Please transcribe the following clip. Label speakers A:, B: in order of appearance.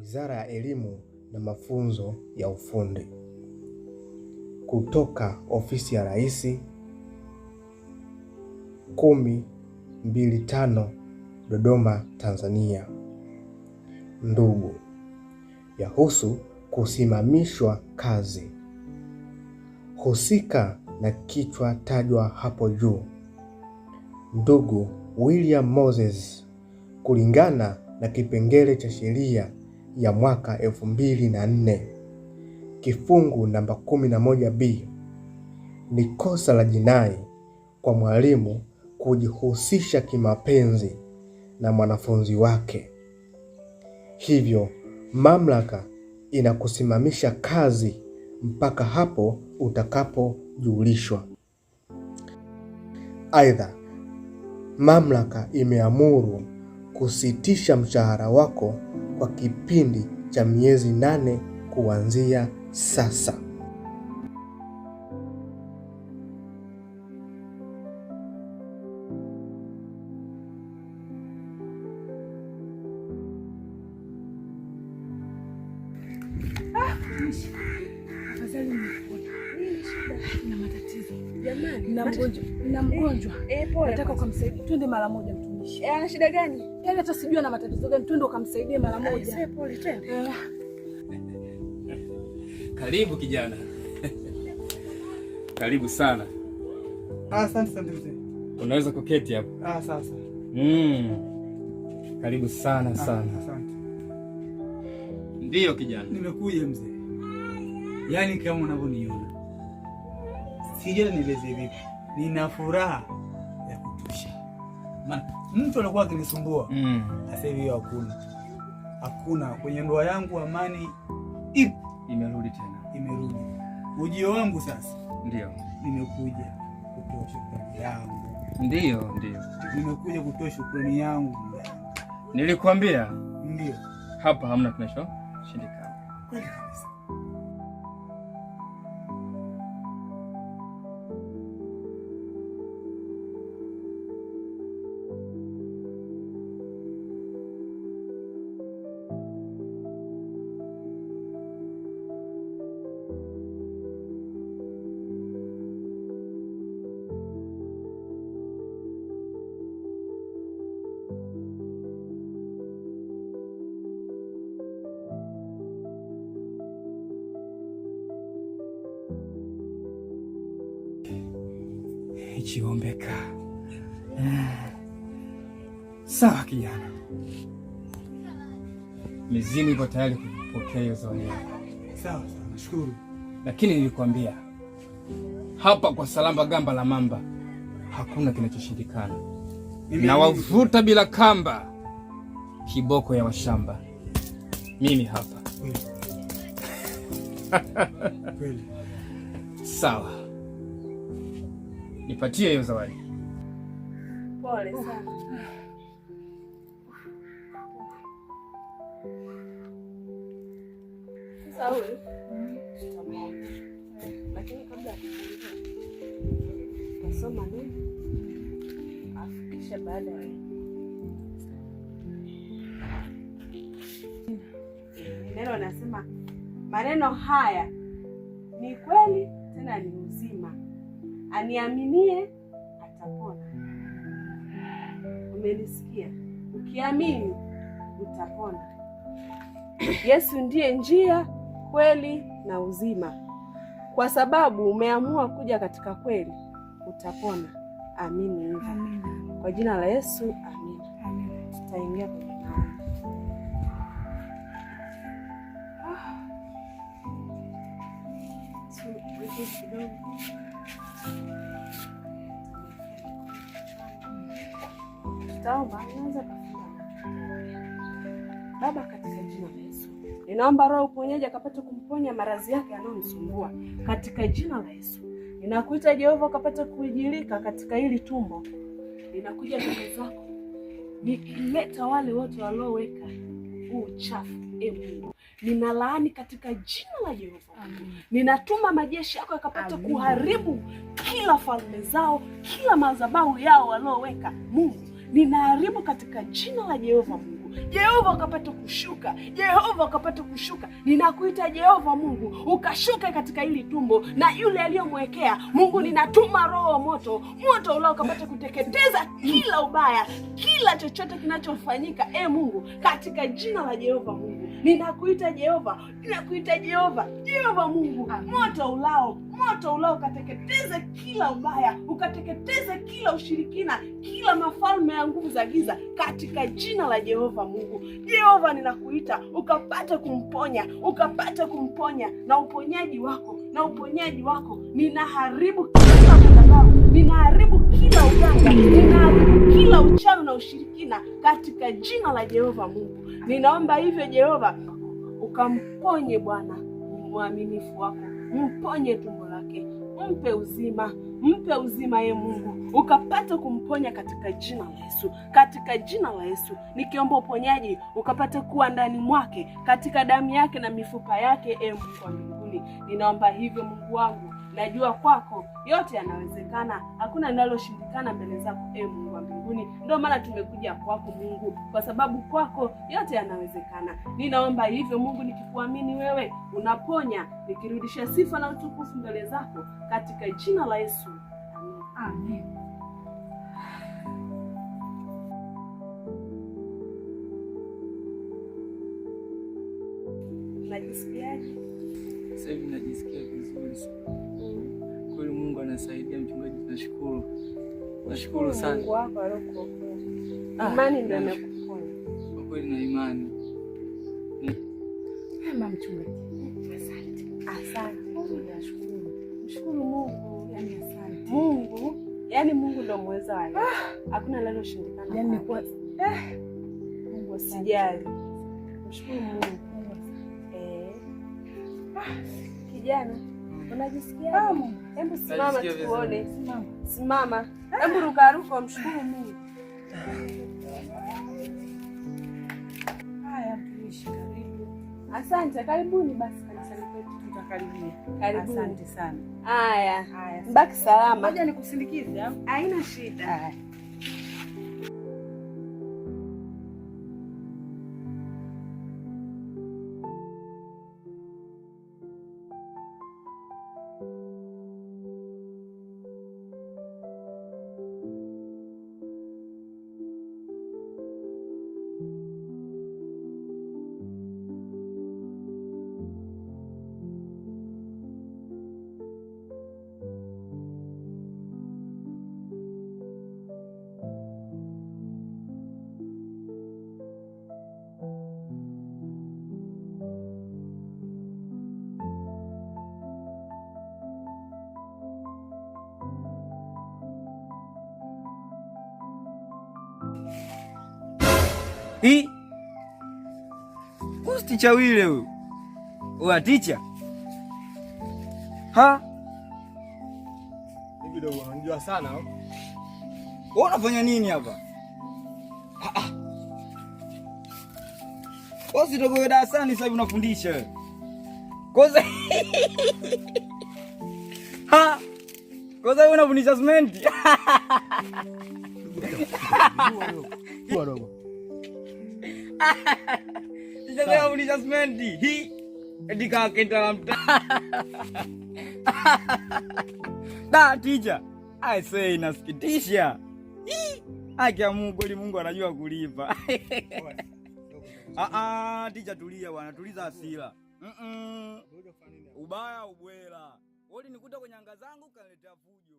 A: Wizara ya Elimu na Mafunzo ya Ufundi kutoka Ofisi ya Rais 1025 Dodoma, Tanzania. Ndugu, yahusu kusimamishwa kazi husika na kichwa tajwa hapo juu. Ndugu William Moses kulingana na kipengele cha sheria ya mwaka 2004 kifungu namba 11b ni kosa la jinai kwa mwalimu kujihusisha kimapenzi na mwanafunzi wake, hivyo mamlaka inakusimamisha kazi mpaka hapo utakapojulishwa. Aidha, mamlaka imeamuru kusitisha mshahara wako kwa kipindi cha miezi nane kuanzia sasa.
B: na mgonjwa eh, nataka ukamsaidia, twende mara moja. Mtumishi eh, ana shida gani? Yaani hata sijui ana matatizo gani, twende ukamsaidie mara eh, moja. Pole, twende. Karibu kijana, karibu sana.
C: Ah, asante sana mzee.
B: Unaweza kuketi hapo. Ah, sasa. Mm. Karibu sana ah, sana. Asante. Ndiyo kijana,
C: nimekuja mzee, yaani kama unavyoniona sijui nieleze vipi, nina furaha ya kutosha. Maana mtu alikuwa akinisumbua mm. Sasa hivi hakuna, hakuna kwenye ndoa yangu, amani ipo,
B: imerudi tena,
C: imerudi ujio wangu sasa, ndio nimekuja kutoa shukrani yangu,
B: ndio ndio
C: nimekuja kutoa shukrani yangu.
B: Nilikwambia ndio hapa hamna kinachoshindikana.
D: nikiombeka. Ah. Sawa kijana, mizimu ipo tayari kupokea hiyo zawadi yako.
C: Sawa sawa, nashukuru,
D: lakini nilikwambia hapa kwa Salamba Gamba la Mamba hakuna kinachoshindikana. Nawavuta bila kamba, kiboko ya washamba. Mimi hapa. Sawa nipatie hiyo zawadi. Pole sana.
E: Neno nasema maneno haya ni kweli tena ni uzima. Aniaminie atapona. Umenisikia? Ukiamini utapona. Yesu ndiye njia, kweli na uzima. Kwa sababu umeamua kuja katika kweli, utapona. Amini hivyo, kwa jina la Yesu, amina. Tutaingia kwenye maombi. Ah. Tutaomba anza Baba, katika jina la Yesu ninaomba roho uponyaji akapate kumponya maradhi yake yanayomsumbua katika jina la Yesu. Ninakuita Jehova akapate kujilika katika hili tumbo, ninakuja mbele zako nikileta wale wote walioweka huu uchafu. E Mungu, ninalaani katika jina la Yehova. Ninatuma majeshi yako yakapata kuharibu kila falme zao, kila madhabahu yao walioweka. Mungu, ninaharibu katika jina la Yehova Mungu. Jehova ukapata kushuka, Jehova ukapata kushuka. Ninakuita Jehova Mungu, ukashuke katika hili tumbo na yule aliyomwekea. Mungu, ninatuma roho moto, moto ulao ukapata kuteketeza kila ubaya, kila chochote kinachofanyika. E Mungu, katika jina la Jehova Mungu Ninakuita Jehova, ninakuita Jehova, Jehova Mungu, moto ulao, moto ulao, ukateketeze kila ubaya, ukateketeze kila ushirikina, kila mafalme ya nguvu za giza, katika jina la Jehova Mungu. Jehova, ninakuita ukapate kumponya, ukapate kumponya na uponyaji wako na uponyaji wako. Ninaharibu kila madhabahu, ninaharibu kila uganga, ninaharibu kila uchawi na ushirikina, katika jina la Jehova Mungu. Ninaomba hivyo Jehova, ukamponye Bwana mwaminifu wako, mponye tumbo lake, mpe uzima mpe uzima ye ee Mungu, ukapata kumponya katika jina la Yesu, katika jina la Yesu nikiomba uponyaji ukapata kuwa ndani mwake, katika damu yake na mifupa yake, e Mungu wa mbinguni, ninaomba hivyo Mungu wangu najua kwako yote yanawezekana, hakuna linaloshindikana mbele zako, e Mungu wa mbinguni. Ndio maana tumekuja kwako Mungu, kwa sababu kwako yote yanawezekana. Ninaomba hivyo Mungu, nikikuamini wewe unaponya, nikirudisha sifa na utukufu mbele zako katika jina la Yesu, amen,
B: umesaidia mchungaji, nashukuru nashukuru sana ah, kwa kweli na imani
E: Mungu, yani Mungu ndo wa yote. Ah! Hakuna linaloshindikana. Yaani kwa eh Mungu asijali. Mshukuru Mungu. Eh. Ah! Kijana, unajisikia? Hebu simama tuone. Simama. Ah. Hebu ruka ruka mshukuru Mungu. Haya, Asante, karibuni basi kanisani kwetu Karibuni. Asante sana. Haya. Mbaki salama. Ngoja nikusindikize Haina shida. Haya.
F: Hii kusi ticha wile huyu wa ticha ha
G: hivi dogo, unajua sana wewe,
F: unafanya nini hapa? Kozi dogo wewe darasani sasa unafundisha wewe. Kozi ha Kozi wewe unafundisha Sasa ni judgment hii ndika kenda mta. Da teacher, I say inasikitisha. Haki ya Mungu ili Mungu anajua kulipa.
G: Ah ah, teacher tulia bwana, tuliza hasira. Mm -mm. Ubaya ubwela. Wewe nikuta kwenye anga zangu kaniletea fujo.